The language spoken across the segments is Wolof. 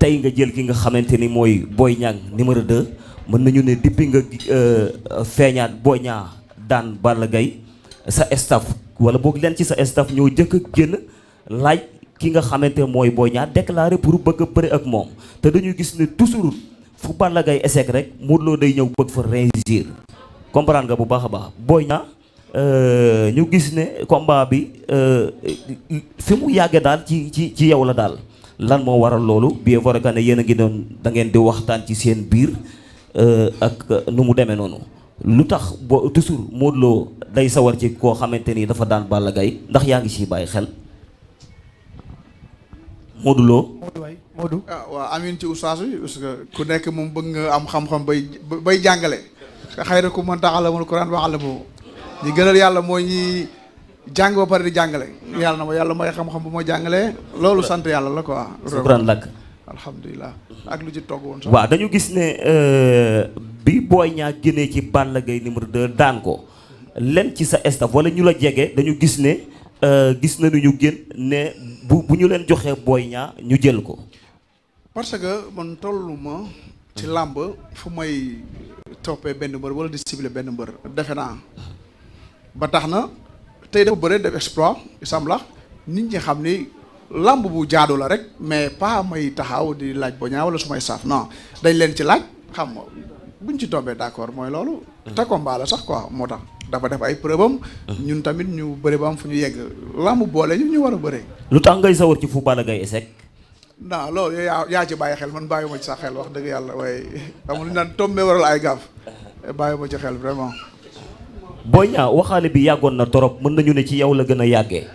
tey nga jël ki nga xamante ni mooy Boy Niang numéro de mën nañu ne depuis nga euh, feeñaat Boy Niang daan Balla gay sa staff wala boog leen ci sa staff ñoo jëkk a laaj ki nga xamante mooy Boy Niang déclaré pour bëgg a ak moom te dañuy gis ne toujours fu Balla gay échec rek Modou loo day ñëw bëgg fa réussir comprendre nga bu baax a baax Boy Niang euh, ñu gis ne combat bi euh, fi mu yàggee daal ci ci ci yow la daal lan moo waral loolu bi vrai que ne yéen a ngi doon da ngeen di waxtaan ci seen biir euh, ak euh, nu mu demee noonu lu tax bo toujours Modou day sawar ci koo xamante ni dafa daan Balla gay ndax yaa ngi ciy bàyyi xel Modou Lo. Modou ah, ci oustaz bi parce que ku nekk moom bëgg nga am xam-xam bay bay jàngale. xëy na ku mën taxal la mën Quran waxal la boobu ñi gënal yàlla mooy ñi. jàng ba pare di jàngale. yàlla na ma yàlla may xam-xam bu ma jàngalee. loolu sant yàlla la ko quoi. sukran lakk. alhamdulilah ak lu ci togg woon sax. waa dañu gis ne euh, bi Boy Niang génnee ci Balla Gaye numéro 2 daan ko len ci sa staff walla ñu la jege dañu gis ne euh, gis nañu ñu gën ne bu bu ñu leen joxee Boy Niang ñu jël ko. parce que man tollu ma ci làmb fu may toppee benn mbër wala di benn mbër defe naa ba tax na. tey dafa bëre def exploit il semble ah. nit ñi xam ni làmb bu jaadu la rek mais pas may taxaw di laaj boña wala su may saaf non dañ leen ci laaj xam nga buñ ci tombee d'accord mooy loolu. te combat la sax quoi moo tax. dafa def ay preuve am ñun tamit ñu bëri ba am fu ñu yegg làmb boole ñu ñu war a bëree. lu tax ngay sawar ci fu Balla Gaye échec. non loolu yaa yaa ci bàyyi xel man bàyyi ma ci sa xel wax dëgg yàlla waaye amul naan tombé waral ay gaaf bàyyi ma ci vraiment. Boy Niang waxaale bi yàggoon na torop mën nañu ne ci yow la gën a yàggee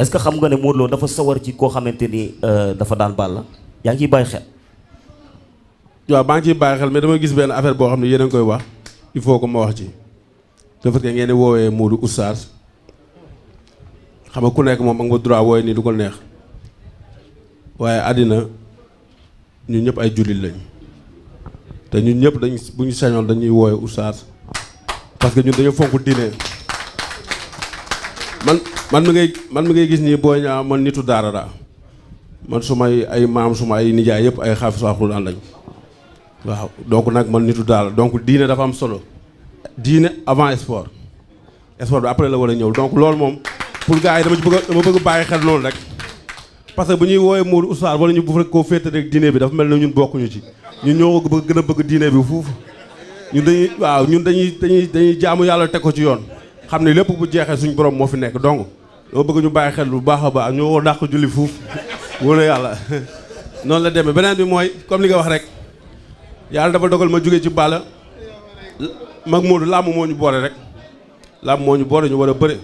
est que xam nga ne Modou Lo dafa sawar ci koo xamante nii euh, dafa daan la yaa ngi ciy bàyyi xel. waaw maa ngi ciy bàyyi xel mais dama gis benn affaire boo xam ne yéen a ngi koy wax il faut que ma wax ci le fait ngeen di woowee Modou oustaz xam nga ku nekk moom am nga droit wooye nii du ko neex waaye àddina ñu ñëpp ay jullit lañ te ñun ñëpp dañ bu ñu sañoon dañuy wooye oustaz. parce que ñun dañoo fonk diine man man mi ngay man mi ngay gis nii boo ñaa man nitu daara daa man su may ay maam su ma ay nijaay yëpp ay xaafis waxul ànd lañ waaw donc nag man nitu daara donc diine dafa am solo diine avant sport sport bi après la war a ñëw donc loolu moom pour gars yi dama ci bëgg dama bëgg bàyyi xel loolu rek parce que bu ñuy woowee Modou Oustaz wala ñu bu fekk koo féete rek diine bi dafa mel na ñun bokkuñu ci ñun ñoo bëgg gën a bëgg diine bi fuufu ñun dañuy waaw ñun dañuy dañuy dañuy jaamu yàlla teg ko ci yoon xam ne lépp bu jeexee suñ borom moo fi nekk donc doo bëgg ñu bàyyi xel bu baax a baax ñoo dàq julli fuuf wóor yàlla noonu la demee beneen bi mooy comme li nga wax rek yàlla dafa dogal ma jóge ci Balla mag Modou làmb moo ñu boole rek làmb moo ñu boole ñu war a bëre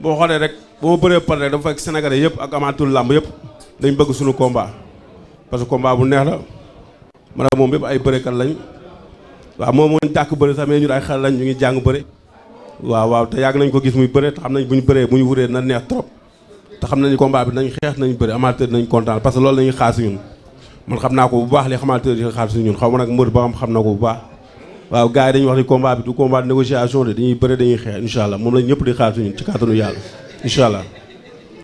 boo xoolee rek ba bëree pare rek dafa fekk yëpp ak amaatul làmb yëpp dañ bëgg suñu combat parce que combat bu neex la maanaam moom yëpp ay bërekat lañ waaw moom mooñ tàkk bëre sax mais ñun ay xale lañ ñu ngi jàng bëre waaw waaw te yàgg nañ ko gis muy bëre te xam nañ bu ñu bëree bu ñu wuree na neex trop te xam nañu combat bi nañ xeex nañ bëri amateur nañ kontaan parce que loolu lañuy xaar si ñun man xam naa ko bu baax li amateur yi xaar si ñun xaw ma nag mbër ba am xam na ko bu baax waaw gars yi dañuy wax ni combat bi du combat de négociation de dañuy bëre dañuy xeex incha allah moom lañ ñëpp di xaar si ñun ci kàttanu yàlla incha allah